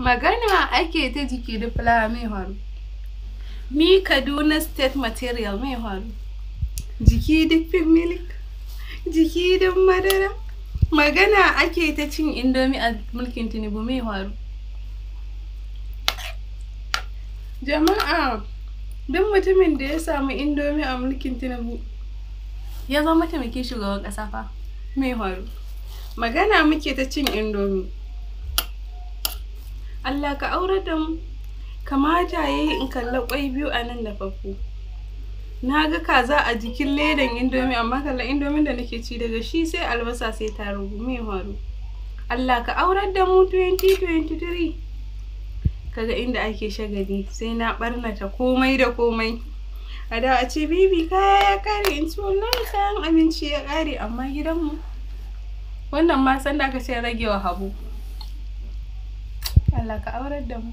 magana ake ta jiki da fulawa mai horo ni kaduna state material mai horo jiki duk milik jiki duk madara magana ake ta cin indomi a mulkin tinubu mai horo jama'a duk mutumin da ya samu indomi a mulkin tinubu ya zama mataimakin shugaban ƙasa fa mai horo magana muke ta cin indomi Allah ka aurar da mu kamata yayi in kalla kwai biyu a nan da farko. na ga kaza a jikin ledan indomi amma kalla indomin da nake ci daga shi sai albasa sai tarugu me faru Allah ka aurar da mu 2023 kaga inda ake shagali sai na barnata komai da komai a da a ce bibi kaya ya kare in ci wallahi kayan abinci ya kare amma gidanmu wannan ma san da aka ce ragewa habu አላህ ከአውረድ ደግሞ